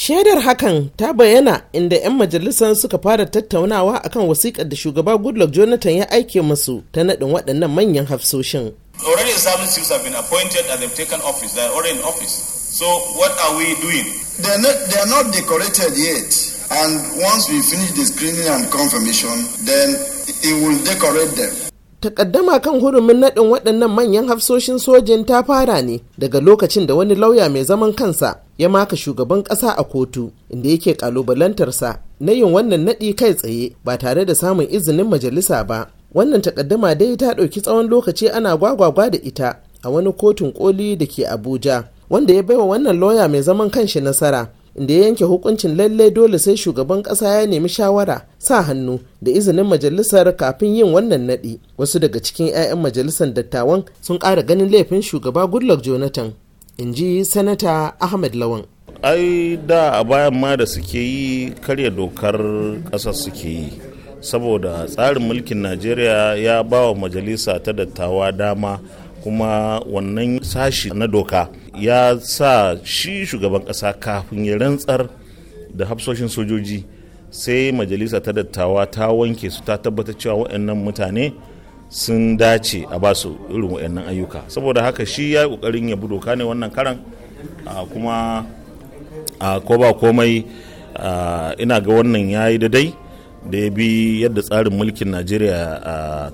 shaidar hakan ta bayyana inda 'yan majalisar suka fara tattaunawa akan wasiƙar da shugaba goodluck jonathan ya aike musu ta naɗin waɗannan manyan hafsoshin already established youths have been appointed and they've taken office they're already in office so what are we doing they're not, they're not decorated yet and once we finish the screening and confirmation then it will decorate them takaddama kan hurumin naɗin waɗannan manyan hafsoshin sojin ta fara ne daga lokacin da wani lauya mai zaman kansa ya maka shugaban ƙasa a kotu inda yake ƙalubalantarsa na yin wannan naɗi kai tsaye ba tare da samun izinin majalisa ba wannan takaddama dai ta ɗauki tsawon lokaci ana gwagwagwa da ita a wani kotun koli da ke abuja wanda ya baiwa wannan lauya mai zaman kanshi nasara inda ya yanke hukuncin lallai dole sai shugaban kasa ya nemi shawara sa hannu da izinin majalisar kafin yin wannan naɗi wasu daga cikin 'ya'yan majalisar dattawan sun ƙara ganin laifin shugaba goodluck jonathan in ji sanata ahmed lawan ai da a bayan ma da suke yi karya dokar ƙasar suke yi saboda tsarin mulkin najeriya ya ba wa majalisa ta dattawa dama kuma wannan sashi na doka ya sa shi shugaban ƙasa kafin ya rantsar da hafsoshin sojoji sai majalisa ta dattawa ta wanke su ta tabbatar cewa waɗannan mutane sun dace a ba su irin waɗannan ayyuka saboda haka shi ya yi ƙoƙarin ya doka ne wannan karan kuma ko ba komai ina ga wannan ya yi daidai da ya bi yadda tsarin mulkin najeriya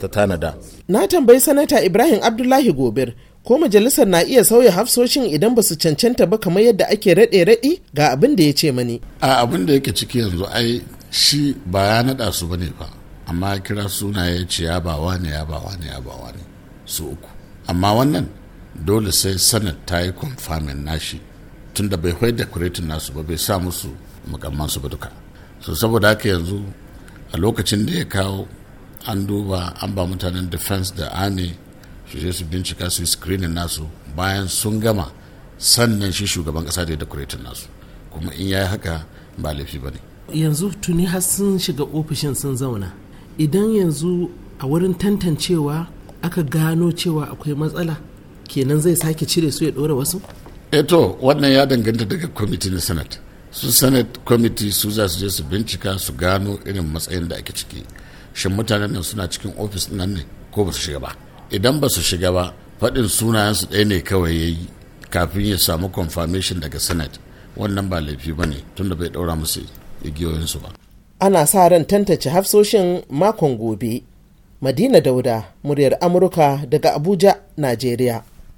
ta tanada na tambayi sanata ibrahim abdullahi gobir ko majalisar na iya sauya hafsoshin idan ba su cancanta ba kamar yadda ake raɗe raɗi ga abin da ya ce mani. a abin da yake ciki yanzu ai shi ba ya naɗa su ba ne ba amma kira suna ya ce ya bawa ne ya bawa ne ya bawa ne su uku amma wannan dole sai sanat ta yi kwamfamin nashi da bai da dekoratin nasu ba bai sa musu su ba duka so saboda haka yanzu a lokacin da ya kawo an duba an ba mutanen defense da army su je su bincika su yi screening nasu bayan sun gama sannan shi shugaban kasa da ya decorating nasu kuma in ya yi haka ba laifi ba ne yanzu tuni har sun shiga ofishin sun zauna idan yanzu a wurin tantancewa aka gano cewa akwai matsala kenan zai sake cire su ya ɗora wasu eto eh wannan ya danganta daga kwamitin na senate su senate committee su za su je su bincika su gano irin matsayin da ake ciki shin mutanen nan suna cikin ofis nan ne ko ba su shiga ba idan ba su shiga ba faɗin sunayensu ɗaya ne kawai ya yi kafin ya samu confirmation daga senate wannan ba laifi ba ne tunda bai ɗaura musu igiyoyinsu ba ana sa ran tantance hafsoshin makon gobe madina dauda muryar amurka daga abuja najeriya